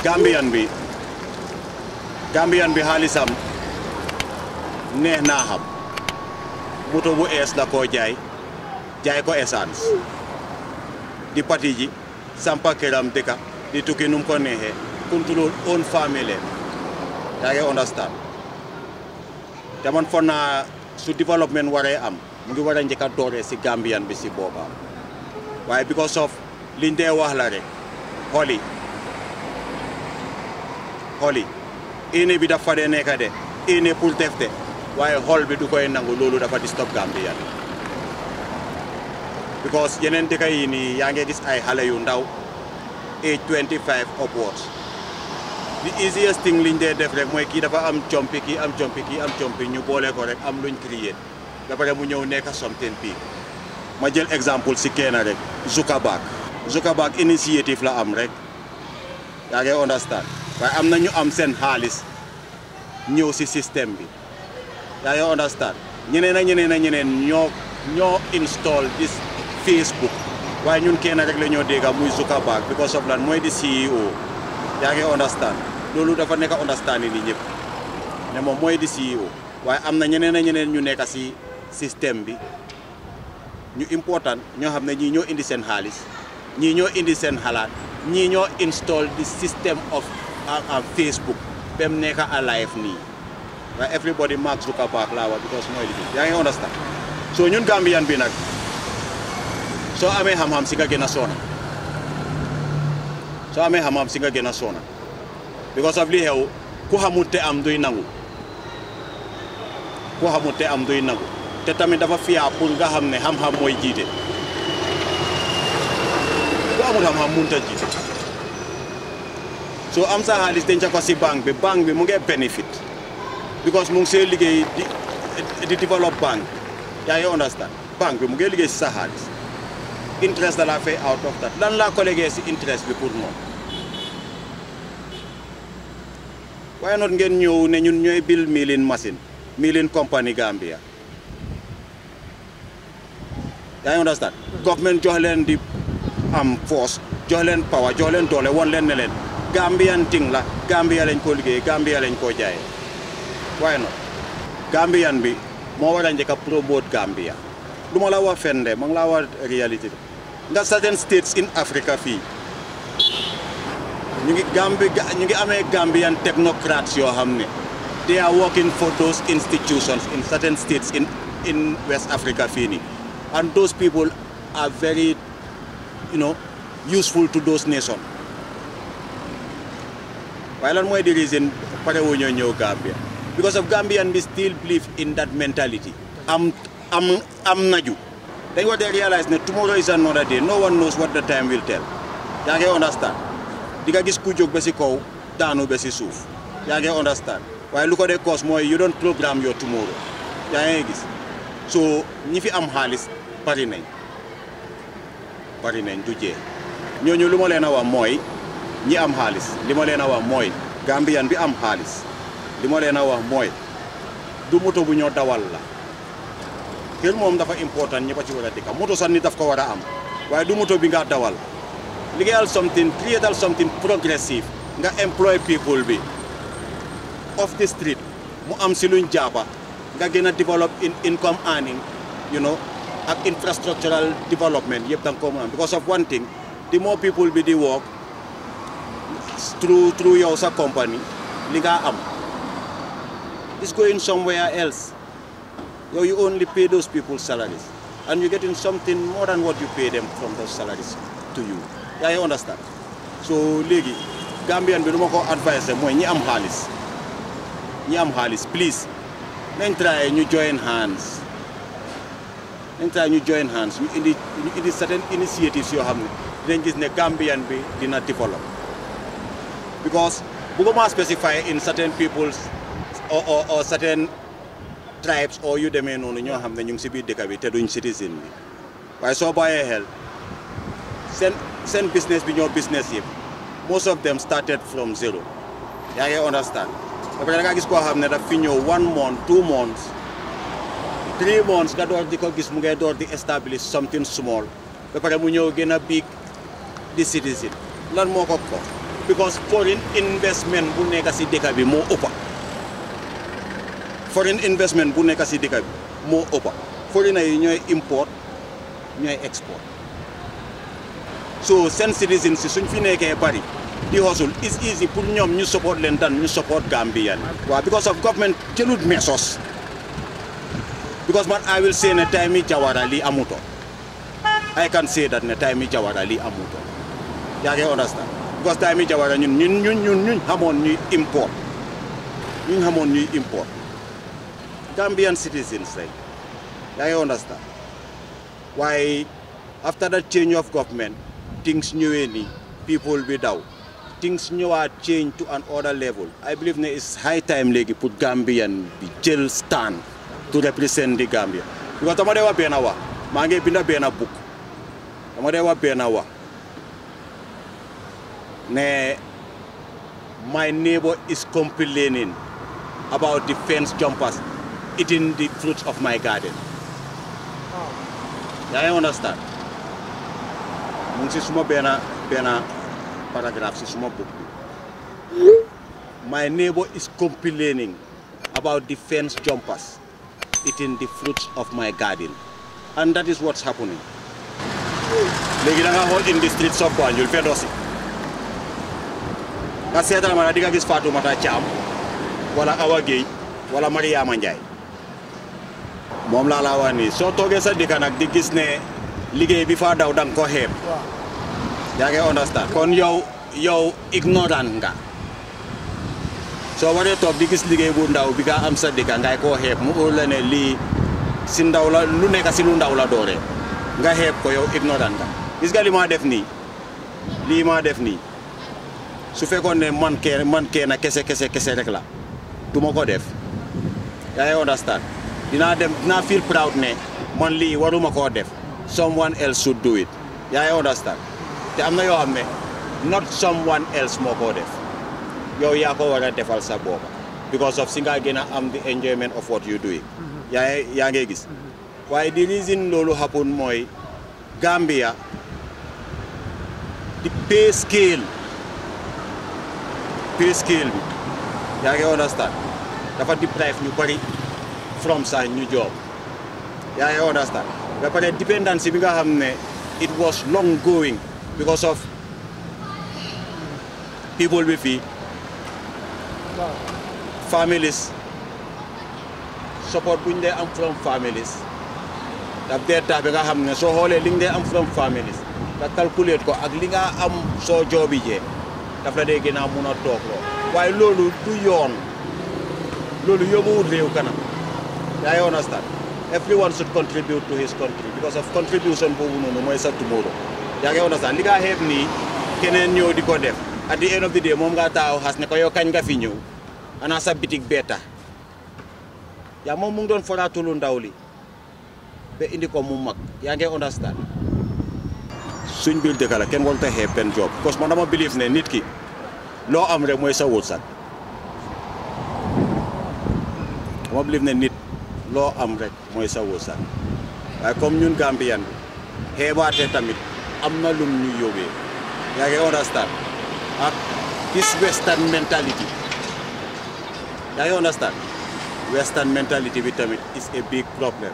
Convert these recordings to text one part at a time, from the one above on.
Gambian bi Gambian bi halisam neh naham, xam moto bu es la ko jay jay ko essence di pati ji sampa këram deka di tuki num ko nehe contrôle own family da ngi understand te man foog su development am mu ngi wara a dore ci Gambian bi si boba why because of liñ dee wax la rek holi holi ini bi dafa de nekka de ini pour tefte waye hol bi du koy nangu lolou dafa stop gambia because yenen de kay ni yaa ngi gis ay xale yu ndaw age 25 upwards the easiest thing liñ dee def rek moy ki dafa am chompi ki, am chompi ki, am chompi ñu bolé ko rek am luñ créer da pare mu ñew nekk something pi. ma jël exemple ci kena rek zuka Zuckerberg initiative la am rek yaa understand waaye am na ñu am seen xaalis ñëw si système bi yaa ngi understand ñeneen ak ñeneen ak ñeneen ñoo ñoo install this Facebook waaye ñun kenn rek la ñoo dégg muy Zuckerberg because of lan mooy di CEO yaa ngi understand loolu dafa nekk understand ni ñëpp ne moom mooy di CEO waaye am na ñeneen ak ñeneen ñu nekk si système bi ñu important ñoo xam ne ñii ñoo indi seen xaalis ñii ñoo indi seen xalaat ñii ñoo install the system of a Facebook ba mu nekk alive nii waaye everybody Mark Zuckerberg laa wax because mooy liggéey yaa ngi understand so ñun Gambian bi nag soo amee xam si nga gën a soona soo amee xam si nga gën a soona because of li xew ku xamul te am duy nangu ku xamul te am duy nangu te tamit dafa fiyaa pour nga xam ne xam mooy jiite ku amul xam-xam mënut jiite soo am sa xaalis denc ko si banque bi banque bi mu ngee benefit because mu ngi liggéey di di develop banque yaa ngi understand bi mu ngee liggéey si sa xaalis interest da laa out of that lan laa collégué si interest bi pour moom waaye noot ngeen ñëw ne ñun ñooy build milling machine milling company Gambia yaa ngi understand government jox leen di am force jox leen power jox leen doole won leen ne leen Gambian thing la Gambia lañ koo liggéey Gambia lañ koo jaayee waaye nag Gambian bi moo war a promote Gambia du ma la wax fen de ma nga certain states in Africa ñu ngi ñu ngi Gambian technocrats they are working for those institutions in certain states in in West Africa and those people are very you know useful to those nations waaye lan mooy the reason pare wu ñoo ñëw Gambia because of Gambian we still believe in that mentality am am naju dañ war dee realize ne tomorrow is another day no one knows what the time will tell yaa ngi understand di nga gis ku jóg ba si kaw daanu ba si suuf yaa ngi understand waaye lu ko dee cause mooy you don't program your tomorrow yaa ngi gis so ñi fi am xaalis bari nañ bari nañ du jee ñooñu lu ma leen a wax mooy ñi am xaaliss li ma leen a wax mooy gambian bi am xaaliss li ma leen a wax mooy du moto bu ñoo dawal la kër moom dafa important ñi ba ci war a dikka moto ni daf ko war am waaye du moto bi nga dawal liggéeyal something creatal something progressive nga employ people bi off the street mu am si luñ jaaba nga gën develop in income earning you know ak infrastructural development yëpp da nga ko am because of one thing the more people bi di work through through your sa company li am is going somewhere else you only pay those people salaries and you're getting something more than what you pay them from those salaries to you Yeah, you understand so legi, Gambian bi lu ma ko advice ñi am ñi am xaalis please nañ try ñu join hands nañ try ñu join hands ñu indi ñu indi certain initiatives yoo xam ne dinañ gis ne Gambian bi dina develop because Bugoma specify in certain peoples or, or, or certain tribes or yu demee eh, noonu ñoo xam ne ñu ngi si biir dëkk bi te duñ citizen bi waaye soo bàyyee xel seen seen business bi ñoo business yëpp most of dem started from zero yaa ngi understand ba pare da gis koo xam ne daf fi ñëw one month two months three months nga door di ko gis mu ngay door di establish something small ba pare mu ñëw gën a big di citizen lan moo ko ko because foreign investment bu nekk si dëkk bi moo ëppa foreign investment bu nekk si dëkk bi moo ëppa foreigners yi ñooy import ñooy export so seen citizen si suñ fi nekkee bari di hustle is easy pour ñoom ñu support leen dan ñu support Gambian waaw because of government jëlut mesos because man I will say ne time yi Jawara lii amutoon I can say that ne time yi Jawara lii amutoon yaa ngi understand Gosta mi jawara ñun ñun ñun ñun ñun xamoon ñuy import ñun xamoon ñuy import Gambian citizens say I understand why after that change of government things new ni people be daw things are change to an other level I believe ne is high time legi put Gambian bi jël stand to represent the Gambia because dama wa wax benn wax binda benn book dama wa. ne my neighbor is complaining about the fence jumpers eating the fruits of my garden. Oh. Yeah, I understand. si suma bena bena paragraph si suma book. My neighbor is complaining about the fence jumpers eating the fruits of my garden. And that is what's happening. Legi da nga in the streets of Banjul, Fedosi. nga seetal ma ne di nga gis Fatoumata Thiam wala Awa Guèye wala Mariama Ndiaye moom laa laa wax nii soo toogee sa dëkk di gis ne liggéey bi faa daw da nga ko xeeb yaa ngi understand kon yow yow ignorant nga soo waree toog di gis liggéey bu ndaw bi nga am sa dëkk ngay koo xeeb mu óor lii si ndaw la lu nekk si lu ndaw la dooree nga xeeb ko yow ignorant nga gis nga ma def nii lii ma def nii su fekkoon ne man kee man kese kese kese rek la du ma ko def yaa ngi understand dinaa dem dinaa feel proud ne man lii waruma koo def someone else should do it yaa ngi understand te am na yoo xam ne not someone else ma koo def yow yaa ko war a defal sa booba because of si nga gën a am the enjoyment of what you doing mhm. yaa yaa ngi gis mhm. waaye the reason loolu happen mooy Gambia the pay scale pay scale bi yaa ngi understand dafa deprive ñu bëri from side new job yaa ngi understand ba pare dependency bi nga xam ne it was long going because of people bi fii families support buñ dee am from families daf dee tax bi nga xam ne soo xoolee li nga dee am from families nga calculate ko ak li nga am soo joobi jee daf la dee gën a mun a toog loo waaye loolu du yoon loolu yóbbuwul réew kanam yaa ngi understand everyone should contribute to his country because of contribution boobu noonu mooy sa tomorrow yaa ngi understand li nga xeeb nii keneen ñëw di ko def at the end moom ngaa taaw xas ne ko yow kañ nga fi ñëw ana sa bitig beeta yaa moom mu ngi doon foraatulu ndaw li ba indi ko mu mag yaa ngi suñ biir dëkk la kenn warut a benn job parce que man dama believe ne nit ki loo am rek mooy sa wërsëg dama believe ne nit loo am rek mooy sa wërsëg waaye comme ñun gambian bi xeebaate tamit am na lum ñu yóbbee yaa ngi understand ak this western mentality yaa ngi understand western mentality bi tamit is a big problem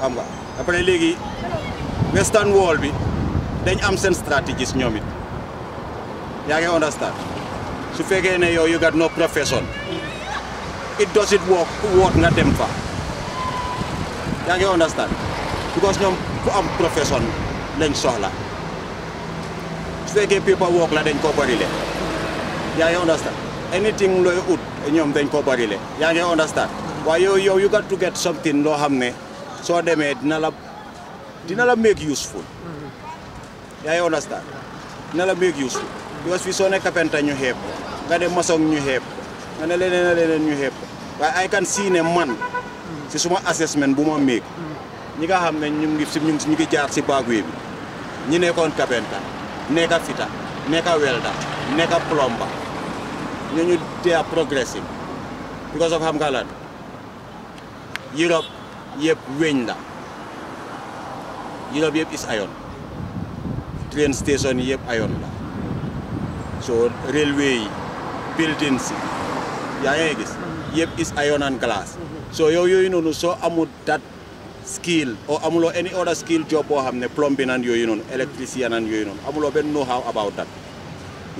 xam nga après léegi western world, bi dañ am seen stratégies ñoom it yaa understand su fekkee ne yow you got no profession it doesn't work What nga dem fa yaa ngi understand because ñoom ku am profession lañ soxla su fekkee paper work la dañ ko bërile yaa ngi understand anything looy ut ñoom dañ ko bërile yaa ngi understand waaye yow yow you got to get something loo xam So soo demee dina la dina la make useful ya ngi understand dina la make useful because fii soo ne kapenta ñu help, ko nga ne maçon ñu xeeb ko nga ne leneen leneen ñu I can see ne man si suma assessment bu ma make ñi nga xam ne ñu ngi si ñu ngi jaar si baaguy bi ñi nekkoon kapenta nekka fita nekka welda nekka plomba ñooñu they are progressing because of ham nga Europe yep weñ la Yila bi yëpp is ayoon train station yep ayon la so railway buildings ya yaa ya, gis yep is ayoon and glass so yo yooyu noonu so amul that skill or lo any other skill job boo hamne ne plumbing and yo noonu electrician and yooyu noonu amuloo ben know how about that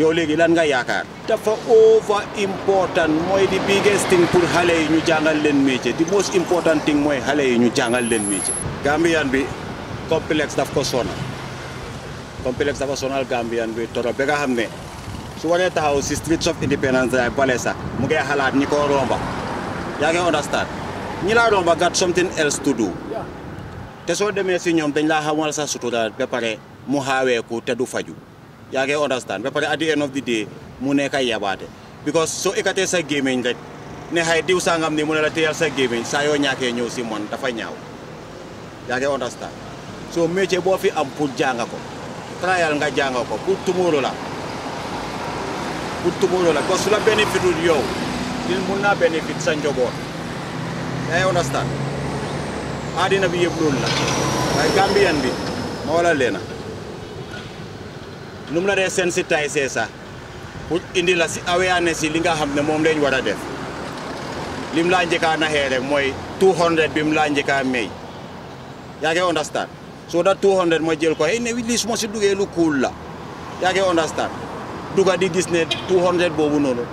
Yo legi lan nga yaakaar dafa over important moy the biggest thing pour halay ñu jangal len métier The most important thing moy halay ñu jangal len métier Gambian bi Kompleks daf ko sonal daf ko sona Gambian bi toro be nga xamne su wone taxaw ci street of independence ay ya, Palesa, sax mu ngay xalaat ni ko romba Ya ngi understand ni la romba got something else to do te so demé ci ñom dañ la xamal sa sutura be paré mu ko te du faju ya understand be paré at the end of the day mu ne kay yabate because so ikate e sa gaming, rek ne hay diw sangam ni mu ne la teyal sa gémmiñ saa yoo dafa ñaaw understand so mece bo fi am pour janga ko trial nga janga ko pour tomorrow la pour tomorrow la parce que la benefit yow din mun naa benefit sa njaboot on understand adina bi yëpp loolu la waaye Gambian bi ma wala leena nu mu la dee sensitiser sax pour indi la si awareness yi li nga xam ne moom lañ war def lim la njeka na here, mooy 200 bi mu laa njëkkaa may yaa ngi understand so that 200 ma jël ko hey ne lii su ma si duggee lu cool yaa ngi understand dugga di gis ne boobu noonu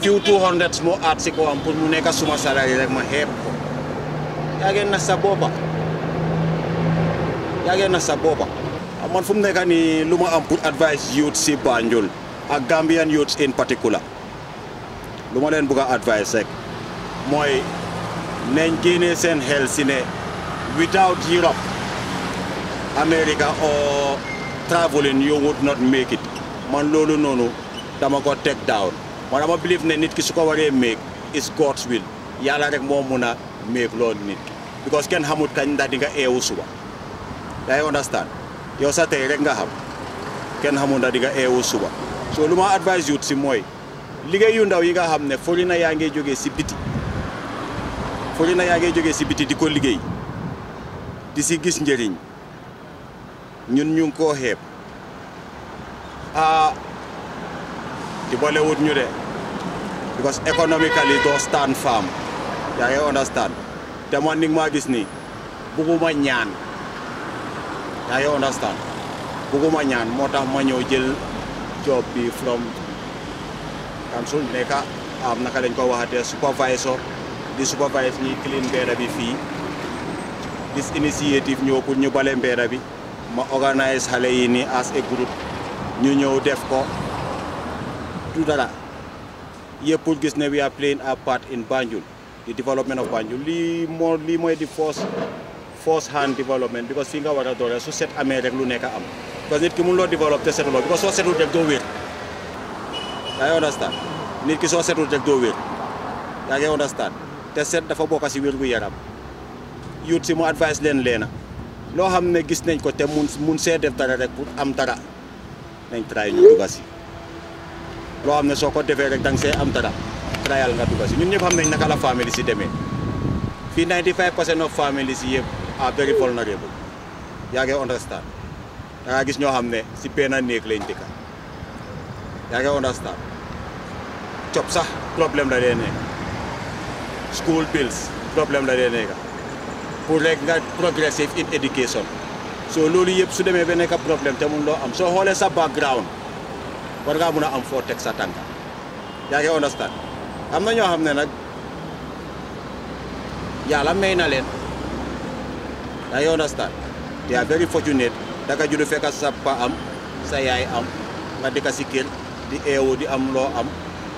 few 200 moo aat si kawam pour mu nekk suma salaire rek ma xeeb ko yaa ngi nax sa boppa yaa ngi nax sa boppa ah, man fu mu nekk nii lu ma am pour advice youth si Banjul ak Gambian youth in particular lu ma leen bëgg a advice rek mooy nañ génnee seen xel si ne without Europe America or traveling you would not make it man no noonu dama ko take down man I believe ne nit ki su ko make is God's will Yala rek moo mun make loolu nit ki because ken hamut kañ ndax di nga eewu suba day understand yow sa tey rek nga xam Ken xamut ndax di nga eewu so lu advise you si mooy liggéey yu ndaw yi nga xam ne foli na yaa ngi jógee si biti foli na yaa ngi jógee si biti di ko liggéey di gis njëriñ ñun ñu ko koo ah ñu dé because economically do stand ya yeah, you understand té mo ni ma gis bu ma ñaan yeah, you understand ma ñaan motax ma jël job bi from council neka am naka lañ ko supervisor di supervise ni clean mbeeda bi fii initiative ñoko ñu balé ma organise xale yi as a group. ñu ñëw def ko du dara yëpp gis ne we are playing a part in Banjul the development of Banjul lii moo lii mooy di force force hand development because we nga war a doole su set amee rek lu nekk am parce nit ki mënuloo développe te setuloo because soo setul rek do wér yaa understand nit ki soo setul rek doo wér understand te set dafa bokk si wér gu yaram youth advice leen leena lo xamne gis nañ ko té mun mun sé def dara rek pour am dara nañ try ñu dugg si lo xamne soko défé rek dang sé am dara trial nga dugg si ñun ñëp xam nañ naka la family ci démé fi 95 of family ci yépp a very vulnerable ya nga understand da nga gis ño xamne ci péna peena lañ dëkka ya nga understand chop sax problème la dee nekk school bills problème la dee nekk pour rek nga progressive in education so loolu yëpp su demee ba problème te mun loo am soo xoolee sa background war ngaa mun a am foo teg sa tànka yaa ngi understand am na ñoo xam ne nag yàlla may na leen yaa ngi understand they are very fortunate danga judd fekk sa am sa yaay am nga dëkk si di eewu di am loo am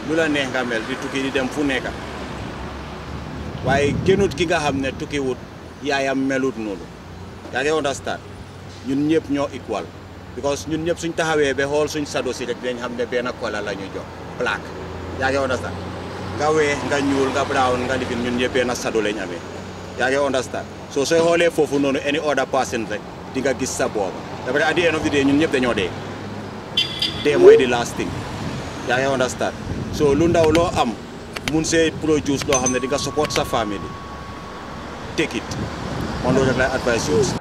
lu la neex nga mel di tukki di dem fu nekka waaye gënut ki nga xam ne tukkiwut yaayam melut noonu yaa ngi understand ñun ñepp ño equal because ñun ñepp suñ taxawé be hol suñ sado ci rek dañ xam ne kola la ñu jox plaque understand nga wé nga ñuul nga brown nga lifin ñun ñepp ben sado lañ understand so so holé fofu nonu any other person rek di nga gis sa bob da bari adi end of the day ñun ñepp dañu dé dé moy di last thing understand so lu ndaw lo am mun sey produce lo xamné di nga support sa family. on those adverse you.